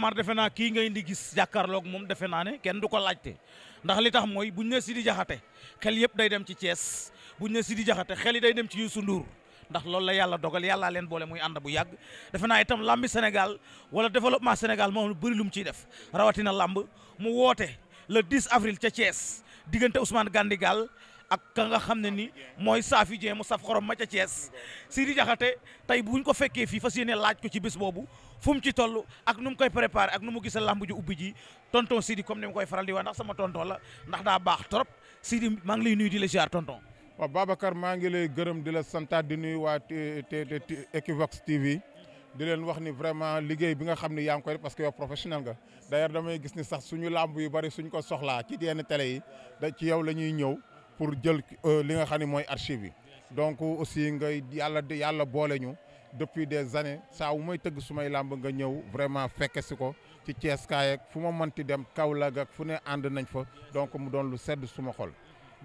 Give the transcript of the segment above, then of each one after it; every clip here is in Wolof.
Amar defe naa kii ngay di gis jàkkaarloog moom defe naa ne kenn du ko laajte ndax li tax mooy buñ ne di Jaxate xel yëpp day dem ci Thiès buñ ne di Jaxate xel yi day dem ci Youssou Ndour ndax loolu la yàlla dogal yàllaa leen boole muy ànd bu yàgg defe naa itam làmbi Sénégal wala développement Sénégal moom lu bëri lu mu ciy def rawatina làmb mu woote le 10 avril ca Thiès diggante Ousmane Gandigal ak ka nga xam ne ni mooy saafi jee mu saf xorom ma ca Thiès Sidi Diakhaté bu buñ ko fekkee fii fas yéene laaj ko ci bés boobu fu mu ci toll ak nu mu koy préparé ak nu mu gisa làmb ju ubbi ji tonton Sidi comme ni mu koy faral di wax ndax sama tonton la ndax daa baax trop Sidi maa ngi lay nuyu di la ziar tonton. waaw Babacar maa ngi lay gërëm di la santaat di nuyu waa Equivox TV. di leen wax ni vraiment liggéey bi nga xam ni yaa ngi koy parce que yow professionnel nga d'ailleurs damay gis ni suñu làmb yu bari suñ ko soxlaa ci yenn télé yi ci yow la ñuy ñëw pour jël euh, li nga xam ne mooy archive yi donc aussi nga yàlla yàlla boole ñu depuis des années saa wu may tëgg su làmb nga ñëw vraiment fekke si ko ci cees kaay ak fu ma mënti dem Kaolack ak fu ne ànd nañ fa donc mu doon lu sedd suma xol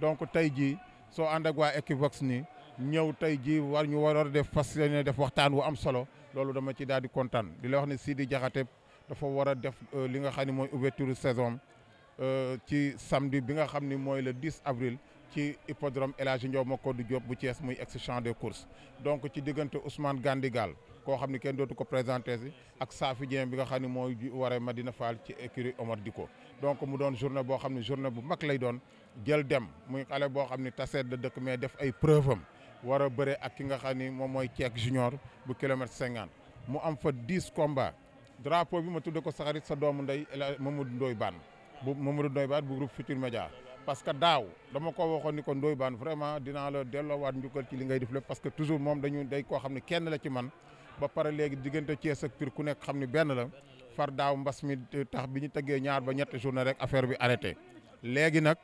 donc tey jii soo ànd ak waa Equivox ni ñëw tey jii war ñu war a def fas yéene def waxtaan wu am solo loolu dama ci daal di kontaan di la wax ne di Diakhaté dafa war a def euh, li nga xam ne mooy ouverture saison euh, ci samedi bi nga xam ne mooy le 10 avril ci hippodrome El Hadji Ndiaw Macodou Diop bu cees muy ex champ de course donc ci diggante Ousmane gandigaal koo xam ne kenn dootu ko présenté si ak Safi Dieng bi nga xam ne mooy waree Madina Fall ci écurie Omar Diko donc mu doon journée boo xam ne journée bu mag lay doon jël dem muy xale boo xam ne taseet da dëkk mais def ay preuve am war a bëre ak ki nga xam ni moom mooy Ceek junior bu kilomètre cinquante mu am fa dix combats drapeau bi ma tudde ko saxarit sa doomu ndey Mamadou Ndoye Bane bu Mamadou Ndoye Bane bu groupe Futur Média parce que daaw dama ko waxoon ni ko Ndoye Bane vraiment dinaa la delloowaat njukkal ci li ngay def lépp parce que toujours moom dañu day ko xam ne kenn la ci man ba pare léegi diggante Thiès ak Pire ku nekk xam ni benn la far daaw mbas mi tax bi ñu tëggee ñaar ba ñett journée rek affaire bi arrêté léegi nag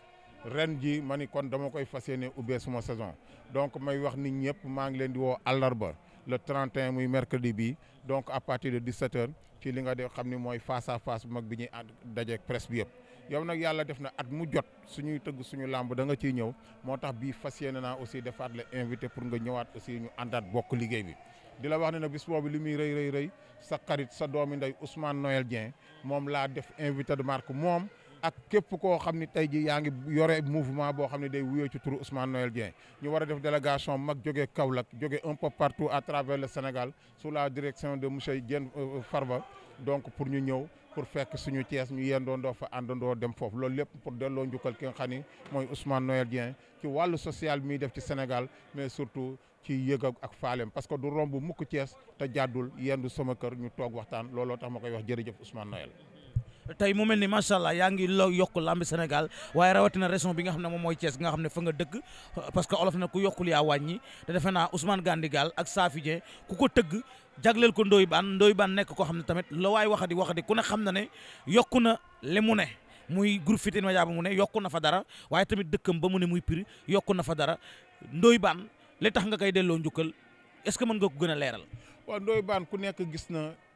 ren ji ma ni kon dama koy fas yéene ubbee suma saison donc may wax nit ñëpp maa ngi leen di woo àllarba le 31 muy mercredi bi donc à partir de 17h ci li nga de xam ni mooy face à face bu mag bi ñuy dajeek presse bi yëpp. yow nag yàlla def na at mu jot suñuy tëgg suñu làmb da nga ciy ñëw moo tax bii fas yéene naa aussi defaat la invité pour nga ñëwaat aussi ñu àndaat bokk liggéey bi. di la wax na nag bis boobu li muy rëy rëy rëy sa xarit sa doomi ndey Ousmane Noël Dieng moom laa def invité de marque moom. ak képp koo xam ne tey jii yaa ngi yore mouvement boo xam ne day wuyoo ci turu Ousmane Noël Dieng ñu war a def délégation mag jógee Kaolack jógee un peu partout à travers le Sénégal sous la direction de monsieur Dieng euh, euh, Farba donc pour ñu ñëw pour fekk suñu Thiès ñu yendoondoo fa àndandoo dem foofu loolu lépp pour delloo njukkal ki nga xam ni mooy Ousmane Noël Dieng ci wàllu social mi def ci Sénégal mais surtout ci yëg ak faalem parce que du romb mukk Thiès te jàddul yendu sama kër ñu toog waxtaan looloo tax ma koy wax jërëjëf Ousmane Noël tey mu mel ni macha allah yaa ngi lo yokk lambi Sénégal waaye rawatina région bi nga xam ne moom mooy Thiès nga xam ne fa nga dëkk parce que olof na ku yokkul yaa wàññi te defe naa Ousmane Gandigal ak Safi Dieng ku ko tëgg jagleel ko Ndoye Bane Ndoye baan nekk koo xam ne tamit la waay waxadi waxadi ku ne xam na ne yokku na li mu ne muy groupe Futurs Médias ba mu ne yokku na fa dara waaye tamit dëkkam ba mu ne muy Pire yokku na fa dara Ndoye baan li tax nga koy delloo njukkal est-ce que mën nga ko gën a leeral.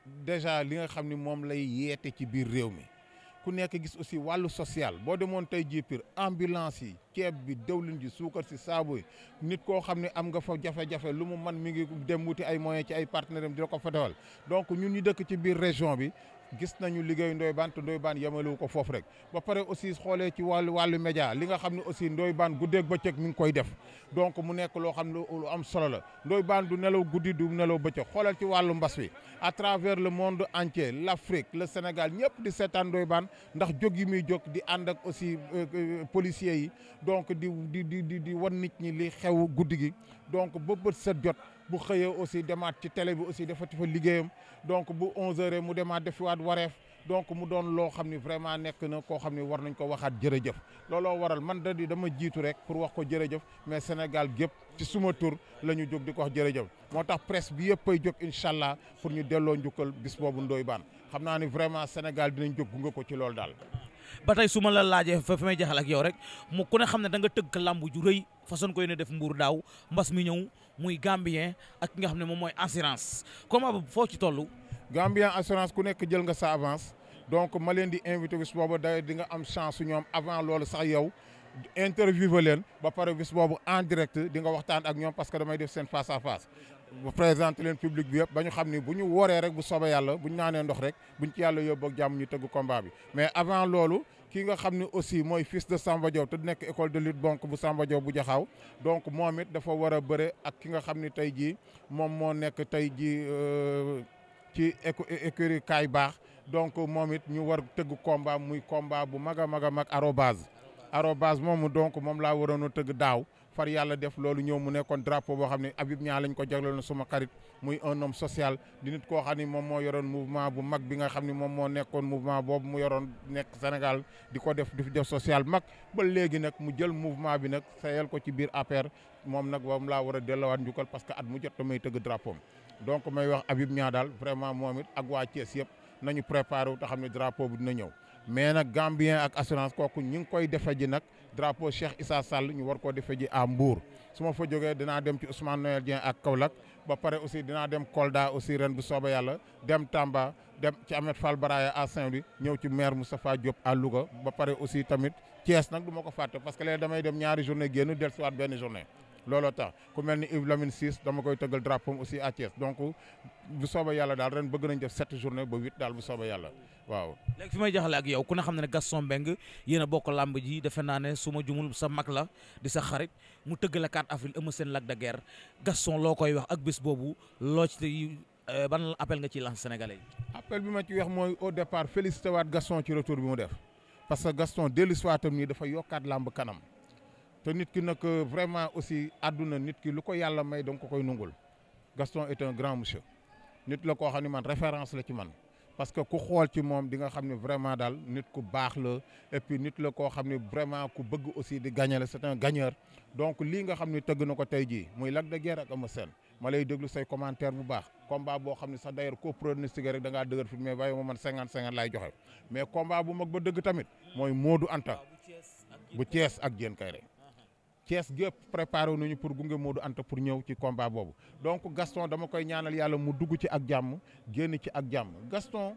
déjà li nga xam ni moom lay yeete ci biir réew mi ku nekk gis aussi wàllu social boo demoon tey jii pir ambulance yi ceeb bi dëwlin ji suukar si saabu yi nit koo xam ne am nga fa jafe-jafe lu mu man mi ngi dem wuti ay moyens ci ay partenaires am di la ko fa defal donc ñun ñu dëkk ci biir région bi gis nañu liggéey ndoy Bane te Ndoye Bane yemalewu ko foofu rek ba pare aussi xoolee ci wàllu wàllu média li nga xam ne aussi Ndoye Bane guddeeg bëccëg mi ngi koy def donc mu nekk loo xam ne lu am solo la Ndoye Bane du nelaw guddi du nelaw bëccëg xoolal ci wàllu mbas wi à travers le monde entier l'Afrique la Sénégal ñëpp di seetaan Ndoye Bane ndax jóg yi muy jóg di ànd ak aussi euh, euh, policiers yi donc di di di di wan nit ñi li xew guddi gi donc ba bët set jot bu xëyee aussi demaat ci télé bi aussi dafa fa liggéeyam donc bu 11h mu demaat defiwaat wareef donc mu doon loo xam ni vraiment nekk na koo xam ni war nañ ko waxaat jërëjëf looloo waral man da di dama jiitu rek pour wax ko jërëjëf mais Sénégal gépp ci suma tur la ñu jóg di ko wax jërëjëf moo tax presse bi yëpp ay jóg incha allah pour ñu delloo njukkal bis boobu Ndoye baan xam naa ni vraiment Sénégal dinañ jóg gunge ko ci loolu daal. ba tey su la laajee fa fi may jaxal ak yow rek mu ku ne xam ne da nga tëgg làmb ju rëy façon ko yéene def mbuur daaw mbas mi ñëw muy Gambien ak nga xam ne moom mooy assurance comment boobu foo ci toll. Gambien assurance ku nekk jël nga sa avance donc ma leen di invité bis boobu day di nga am chance ñoom avant loolu sax yow interviewé leen ba pare bis boobu en direct di nga waxtaan ak ñoom parce que damay def seen face à face. bu présenté leen public bi yëpp ba ñu xam ni bu ñu wooree rek bu soobee yàlla bu ñu naanee ndox rek buñ ci yàlla yóbbu ak jàmm ñu tëgg combat bi mais ki nga xam ne aussi mooy fils de Samba Diop te nekk école de lutte donc bu Samba Diop bu jaxaaw donc moom it dafa war a bëre ak ki nga xam ne tey jii moom moo nekk tey jii euh, ci écurie kaay baax donc moom it ñu war tëgg combat muy combat bu mag a mag a mag arobase arobase moomu donc moom laa waroon a tëgg daaw far yàlla def loolu ñëw mu nekkoon drapeau boo xam ne Habib Niang lañ ko jagloon suma xarit muy un homme di nit koo xam ne moom moo yoroon mouvement bu mag bi nga xam ne moom moo nekkoon mouvement boobu mu yoroon nekk Sénégal di ko def di def social mag ba léegi nag mu jël mouvement bi nag sayal ko ci biir APR moom nag moom laa war a delluwaat njukkal parce que at mu jot damay tëgg drapeau donc may wax Habib ñaa daal vraiment moom it ak waa Thiès yëpp nañu préparé wu te xam ne drapeau bi dina ñëw nag drapeau Cheikh Issa Sall ñu war koo defee ji à Mbour su ma fa jógee dinaa dem ci Ousmane Noël Dieng ak Kaolack ba pare aussi dinaa dem Kolda aussi ren bu soobee yàlla dem Tamba dem ci Ahmed Fall Baraya à Saint-Louis ñëw ci maire Moustapha Diop à Louga ba pare aussi tamit Thiès nag du ma ko fàtte parce que léegi damay dem ñaari journée génn dellusiwaat benn journée. looloo tax ku mel ni Yves Lamine Ciss dama koy tëggal drapeau aussi à Thiès donc bu sooba yàlla daal ren bëgg nañ def set journée ba huit daal bu sooba yàlla waaw. léegi fi may jaxale ak yow ku ne xam ne Gaston Mbengue yéen a bokk làmb ji defe naane ne su ma jumul sa mag la di sa xarit mu tëgg la 4 avril ëmm seen lac de guerre Gaston loo koy wax ak bés boobu loo ci euh, ban appel nga ci lancer sénégalais yi. appel bi ma ci wax mooy au départ félicité waat Gaston ci retour bi mu def parce que Gaston dellu si waatam nii yokkaat làmb kanam. te nit ki nag euh, vraiment aussi àdduna nit ki lu ko yàlla may danga ko koy nungul Gaston est un grand monsieur nit la koo xam ne man référence la ci man parce que ku xool ci moom di nga xam ne vraiment daal nit ku baax la et puis nit la koo xam ne vraiment ku bëgg aussi di gagner sa c'est un gagneur donc lii nga xam ne tëgg na ko tey jii muy Lac de Guiers ak Eumeu Sène ma lay déglu say commentaire bu baax combat boo xam ne sa d'ailleurs koo pronostiqué rek da ngaa dëgër fi mais waaye ma man cinquante cinquante laay joxe mais bu mag ba dëgg tamit mooy Modou Anta bu Thiès ak Diène Kaïré Thiès gépp préparé nañu pour gunge moo du Anta pour ñëw ci combat boobu donc Gaston dama koy ñaanal yàlla mu dugg ci ak jàmm génn ci ak jàmm Gaston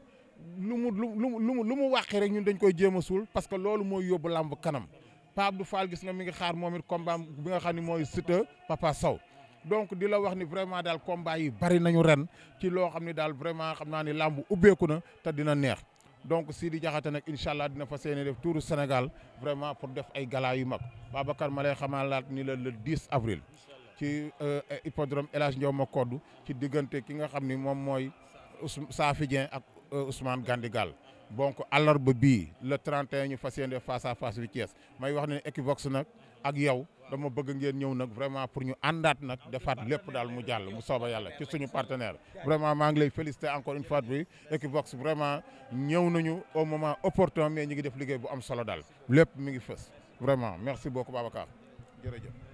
lu mu lu mu lu mu lu mu wàqi rek ñun dañ koy jéem a suul parce que loolu mooy yóbbu làmb kanam Pape Abdou Fall gis nga mi ngi xaar moom it combat bi nga xam ne mooy Siteu Papa Sow donc di la wax ni vraiment daal combat yi bari nañu ren ci loo xam ne daal vraiment xam naa ni làmb ubbeeku na te dina neex donc Sidi Diakhaté nag incha allah dina fas yéene def tuuru Sénégal vraiment pour def ay gala yu mag Babacar ma lay xamalaat ni la le 10 avril. ci euh, eh, hippodrome El Hadj ma koddu ci diggante ki nga xam ni moom mooy Safi Dieng ak euh, Ousmane Gandigal donc àllarba bii le 31 ñu fas yéene face à face bi Thiès may wax ne Equivox nag ak yow. dama bëgg ngeen ñëw nag vraiment pour ñu àndaat nag defaat lépp daal mu jàll mu sooba yàlla ci suñu partenaire vraiment maa ngi lay féliciter encore une fois bi Equivox vraiment ñëw nañu au moment opportun mais ñu ngi def liggéey bu am solo daal lépp mi ngi fës vraiment merci beaucoup Babacar jërëjëf